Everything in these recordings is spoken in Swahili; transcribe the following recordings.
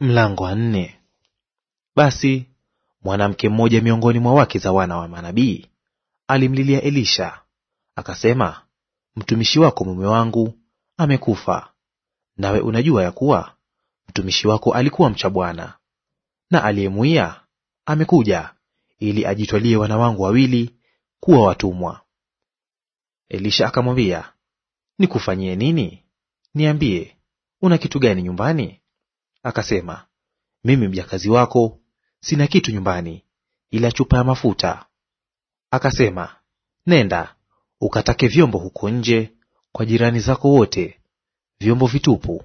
Mlango wa nne. Basi mwanamke mmoja miongoni mwa wake za wana wa manabii alimlilia Elisha akasema, mtumishi wako mume wangu amekufa, nawe unajua ya kuwa mtumishi wako alikuwa mcha Bwana, na aliyemuia amekuja ili ajitwalie wana wangu wawili kuwa watumwa. Elisha akamwambia, nikufanyie nini? Niambie, una kitu gani nyumbani? Akasema, mimi mjakazi wako sina kitu nyumbani ila chupa ya mafuta. Akasema, nenda ukatake vyombo huko nje kwa jirani zako wote, vyombo vitupu,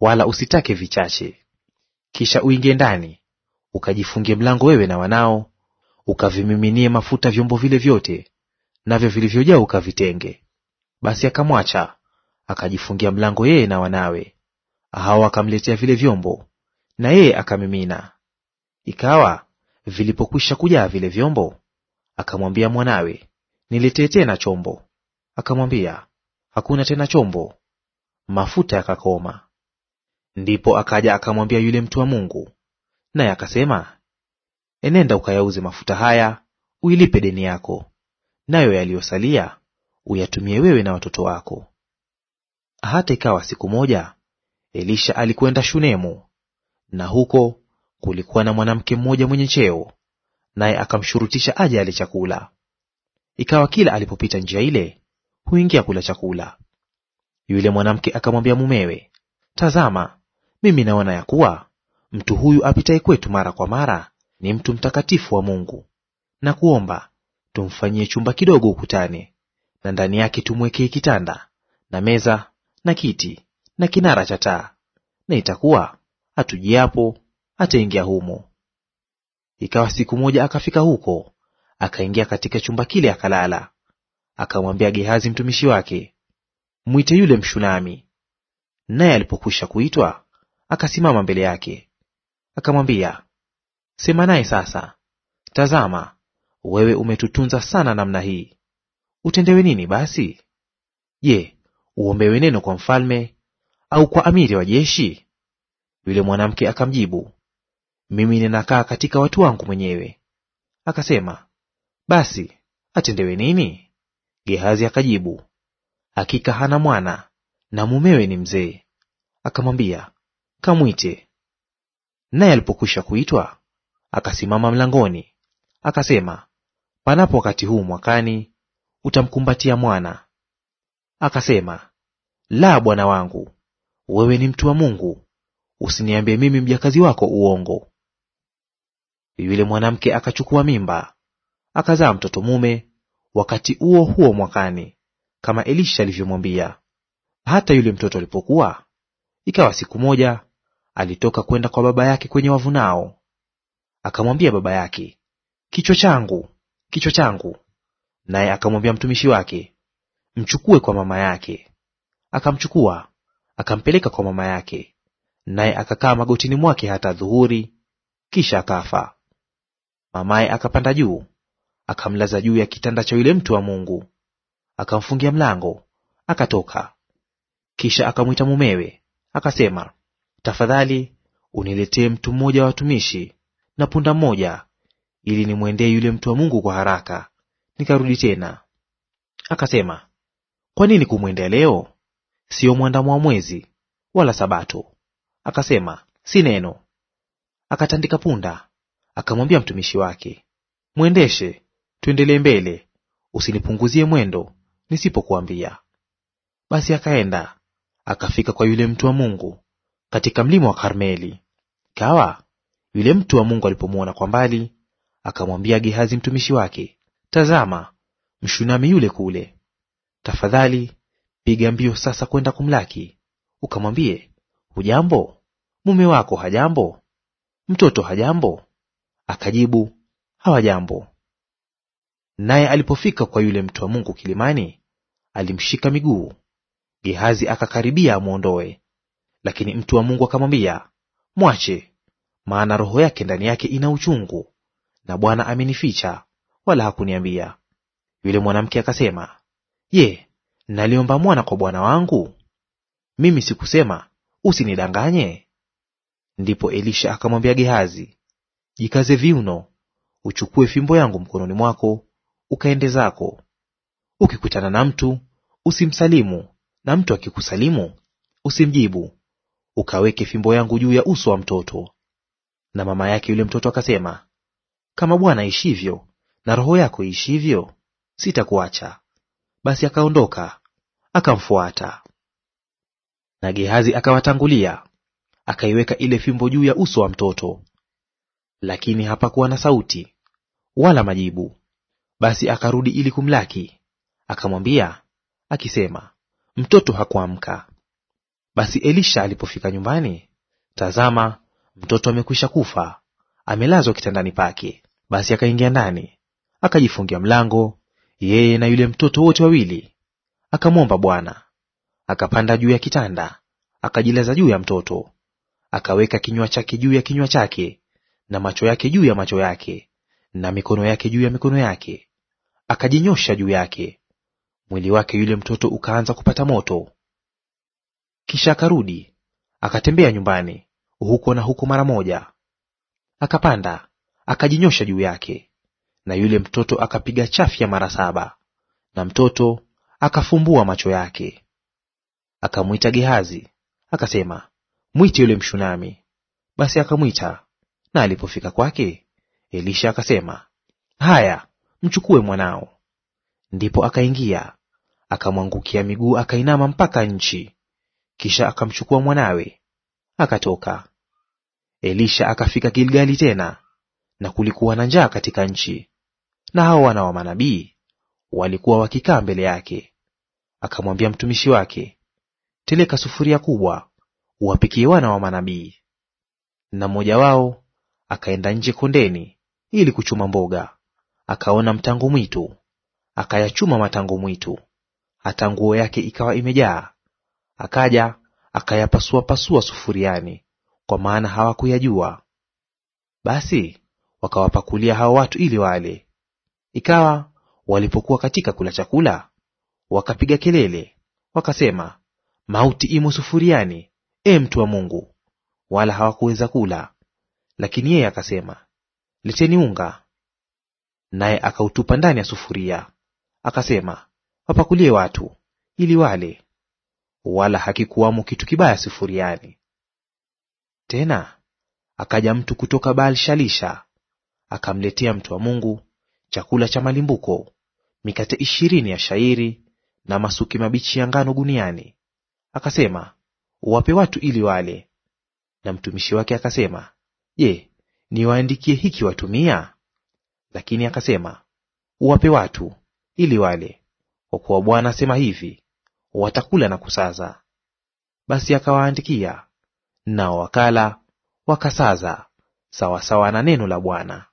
wala usitake vichache. Kisha uingie ndani ukajifungie mlango, wewe na wanao, ukavimiminie mafuta vyombo vile vyote, navyo vilivyojaa ukavitenge. Basi akamwacha akajifungia mlango, yeye na wanawe hao wakamletea vile vyombo, na yeye akamimina. Ikawa vilipokwisha kujaa vile vyombo, akamwambia mwanawe, niletee tena chombo. Akamwambia, hakuna tena chombo, mafuta yakakoma. Ndipo akaja akamwambia yule mtu wa Mungu, naye akasema, enenda ukayauze mafuta haya uilipe deni yako, nayo yaliyosalia uyatumie wewe na watoto wako. Hata ikawa siku moja Elisha alikwenda Shunemu, na huko kulikuwa na mwanamke mmoja mwenye cheo, naye akamshurutisha aje ale chakula. Ikawa kila alipopita njia ile huingia kula chakula. Yule mwanamke akamwambia mumewe, Tazama, mimi naona ya kuwa mtu huyu apitaye kwetu mara kwa mara ni mtu mtakatifu wa Mungu, na kuomba tumfanyie chumba kidogo ukutani, na ndani yake tumwekee kitanda na meza na kiti, na kinara cha taa, na itakuwa atujiapo ataingia humo. Ikawa siku moja akafika huko, akaingia katika chumba kile akalala. Akamwambia Gehazi mtumishi wake, mwite yule Mshunami. Naye alipokwisha kuitwa, akasimama mbele yake. Akamwambia, sema naye sasa. Tazama, wewe umetutunza sana namna hii, utendewe nini basi? Je, uombewe neno kwa mfalme au kwa amiri wa jeshi? Yule mwanamke akamjibu, mimi ninakaa katika watu wangu mwenyewe. Akasema, basi atendewe nini? Gehazi akajibu, hakika hana mwana na mumewe ni mzee. Akamwambia, kamwite. Naye alipokwisha kuitwa, akasimama mlangoni, akasema, panapo wakati huu mwakani utamkumbatia mwana. Akasema, la, bwana wangu, wewe ni mtu wa Mungu, usiniambie mimi mjakazi wako uongo. Yule mwanamke akachukua mimba akazaa mtoto mume wakati huo huo mwakani, kama Elisha alivyomwambia. Hata yule mtoto alipokuwa, ikawa siku moja alitoka kwenda kwa baba yake kwenye wavu, nao akamwambia baba yake, kichwa changu, kichwa changu. Naye akamwambia mtumishi wake, mchukue kwa mama yake. Akamchukua akampeleka kwa mama yake, naye akakaa magotini mwake hata dhuhuri, kisha akafa. Mamaye akapanda juu akamlaza juu ya kitanda cha yule mtu wa Mungu, akamfungia mlango, akatoka. Kisha akamwita mumewe, akasema, tafadhali uniletee mtu mmoja wa watumishi na punda mmoja, ili nimwendee yule mtu wa Mungu kwa haraka, nikarudi tena. Akasema, kwa nini kumwendea leo? siyo mwandamo wa mwezi wala Sabato. Akasema, si neno. Akatandika punda, akamwambia mtumishi wake, mwendeshe, tuendelee mbele, usinipunguzie mwendo nisipokuambia. Basi akaenda akafika kwa yule mtu wa Mungu katika mlima wa Karmeli. Kawa yule mtu wa Mungu alipomwona kwa mbali, akamwambia Gehazi mtumishi wake, tazama, mshunami yule kule; tafadhali piga mbio sasa kwenda kumlaki, ukamwambie, hujambo? Mume wako hajambo? Mtoto hajambo? Akajibu, hawajambo. Naye alipofika kwa yule mtu wa Mungu kilimani, alimshika miguu. Gehazi akakaribia amwondoe, lakini mtu wa Mungu akamwambia, mwache, maana roho yake ndani yake ina uchungu, na Bwana amenificha, wala hakuniambia. Yule mwanamke akasema, Je, naliomba mwana kwa bwana wangu? Mimi sikusema usinidanganye? Ndipo Elisha akamwambia Gehazi, jikaze viuno, uchukue fimbo yangu mkononi mwako, ukaende zako. Ukikutana na mtu usimsalimu, na mtu akikusalimu usimjibu, ukaweke fimbo yangu juu ya uso wa mtoto. Na mama yake yule mtoto akasema, kama Bwana ishivyo na roho yako iishivyo, sitakuacha. Basi akaondoka akamfuata. Na Gehazi akawatangulia, akaiweka ile fimbo juu ya uso wa mtoto, lakini hapakuwa na sauti wala majibu. Basi akarudi ili kumlaki, akamwambia akisema, mtoto hakuamka. Basi Elisha alipofika nyumbani, tazama, mtoto amekwisha kufa, amelazwa kitandani pake. Basi akaingia ndani, akajifungia mlango, yeye na yule mtoto wote wawili, akamwomba Bwana. Akapanda juu ya kitanda, akajilaza juu ya mtoto, akaweka kinywa chake juu ya kinywa chake, na macho yake juu ya macho yake, na mikono yake juu ya mikono yake, akajinyosha juu yake. Mwili wake yule mtoto ukaanza kupata moto. Kisha akarudi akatembea nyumbani huko na huko mara moja, akapanda akajinyosha juu yake, na yule mtoto akapiga chafya mara saba, na mtoto akafumbua macho yake. Akamwita Gehazi akasema, mwite yule Mshunami. Basi akamwita, na alipofika kwake, Elisha akasema, haya, mchukue mwanao. Ndipo akaingia akamwangukia miguu, akainama mpaka nchi. Kisha akamchukua mwanawe akatoka. Elisha akafika Gilgali tena, na kulikuwa na njaa katika nchi, na hao wana wa manabii walikuwa wakikaa mbele yake akamwambia mtumishi wake, teleka sufuria kubwa, uwapikie wana wa manabii. Na mmoja wao akaenda nje kondeni ili kuchuma mboga, akaona mtango mwitu, akayachuma matango mwitu hata nguo yake ikawa imejaa. Akaja akayapasuapasua sufuriani, kwa maana hawakuyajua. Basi wakawapakulia hao watu ili wale. Ikawa walipokuwa katika kula chakula, Wakapiga kelele wakasema, mauti imo sufuriani, e mtu wa Mungu, wala hawakuweza kula. Lakini yeye akasema, leteni unga. Naye akautupa ndani ya sufuria, akasema, wapakulie watu ili wale. Wala hakikuwamo kitu kibaya sufuriani. Tena akaja mtu kutoka Baal Shalisha, akamletea mtu wa Mungu chakula cha malimbuko, mikate ishirini ya shairi na masuke mabichi ya ngano guniani, akasema, wape watu ili wale. Na mtumishi wake akasema, Je, niwaandikie hiki watumia? Lakini akasema, uwape watu ili wale, kwa kuwa Bwana asema hivi, watakula na kusaza. Basi akawaandikia, nao wakala wakasaza, sawasawa na neno la Bwana.